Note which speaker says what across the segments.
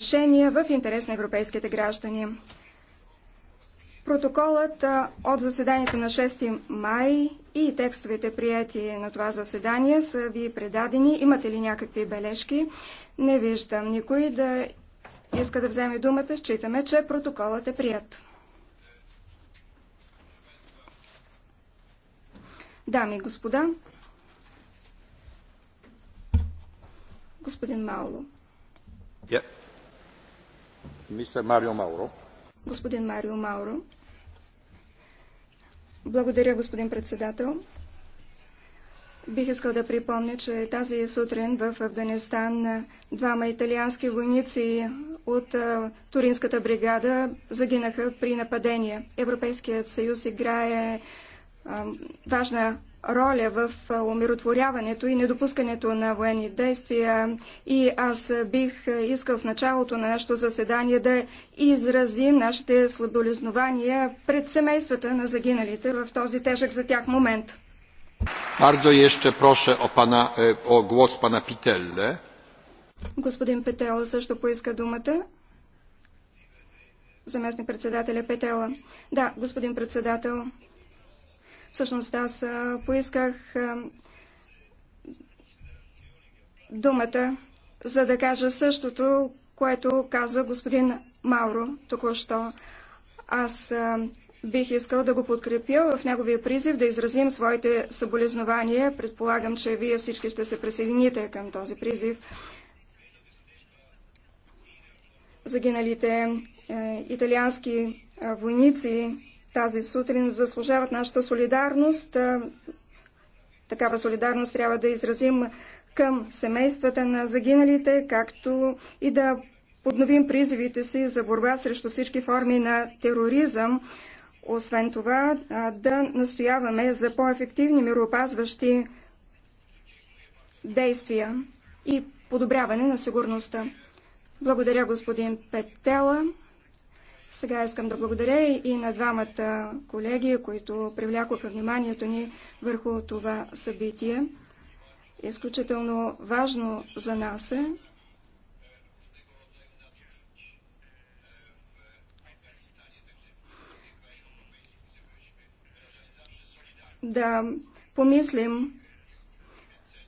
Speaker 1: решения в интерес на европейските граждани. Протоколът от заседанието на 6 май и текстовете прияти на това заседание са ви предадени. Имате ли някакви бележки? Не виждам никой да иска да вземе думата. Считаме, че протоколът е прият. Дами и господа, господин Мауло. Yep. Мистер Марио Мауро. Господин Марио Мауро. Благодаря, господин председател. Бих искал да припомня, че тази сутрин в Афганистан двама италиански войници от Туринската бригада загинаха при нападение. Европейският съюз играе а, важна роля в умиротворяването и недопускането на военни действия. И аз бих искал в началото на нашето заседание да изразим нашите слаболезнования пред семействата на загиналите в този тежък за тях момент. Bardzo jeszcze proszę o, pana, e, o głos pana Pitelle. Господин Петела също поиска думата. Заместник председателя Петела. Да, господин председател. Всъщност аз поисках думата, за да кажа същото, което каза господин Мауро току-що. Аз бих искал да го подкрепя в неговия призив да изразим своите съболезнования. Предполагам, че вие всички ще се присъедините към този призив. Загиналите е, италиански войници тази сутрин заслужават нашата солидарност. Такава солидарност трябва да изразим към семействата на загиналите, както и да подновим призивите си за борба срещу всички форми на тероризъм. Освен това, да настояваме за по-ефективни мироопазващи действия и подобряване на сигурността. Благодаря, господин Петела. Сега искам да благодаря и на двамата колеги, които привлякоха вниманието ни върху това събитие. Изключително важно за нас е да помислим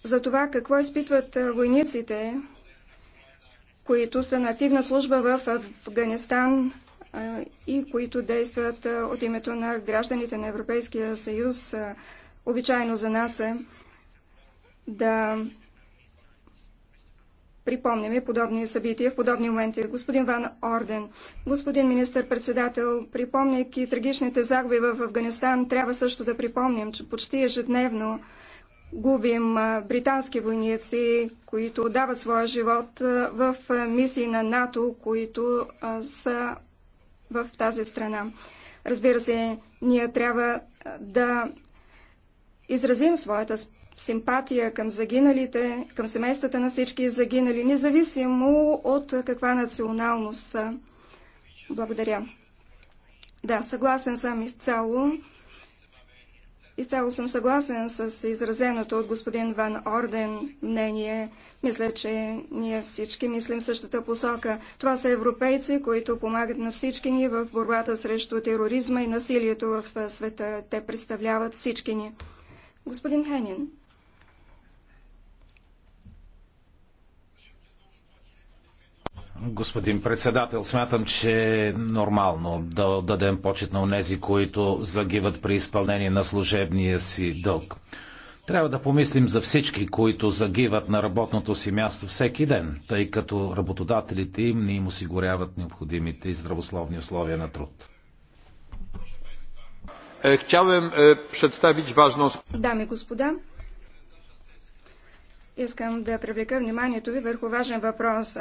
Speaker 1: за това какво изпитват войниците, които са на активна служба в Афганистан и които действат от името на гражданите на Европейския съюз. Обичайно за нас е да припомняме подобни събития в подобни моменти. Господин Ван Орден, господин министър-председател, припомняйки трагичните загуби в Афганистан, трябва също да припомним, че почти ежедневно губим британски войници, които дават своя живот в мисии на НАТО, които са в тази страна. Разбира се, ние трябва да изразим своята симпатия към загиналите, към семействата на всички загинали, независимо от каква националност са. Благодаря. Да, съгласен съм изцяло Изцяло съм съгласен с изразеното от господин Ван Орден мнение. Мисля, че ние всички мислим същата посока. Това са европейци, които помагат на всички ни в борбата срещу тероризма и насилието в света. Те представляват всички ни. Господин Хенин. господин председател. Смятам, че е нормално да дадем почет на тези, които загиват при изпълнение на служебния си дълг. Трябва да помислим за всички, които загиват на работното си място всеки ден, тъй като работодателите им не им осигуряват необходимите и здравословни условия на труд. да е, представя ważną... Дами и господа, искам да привлека вниманието ви върху важен въпрос.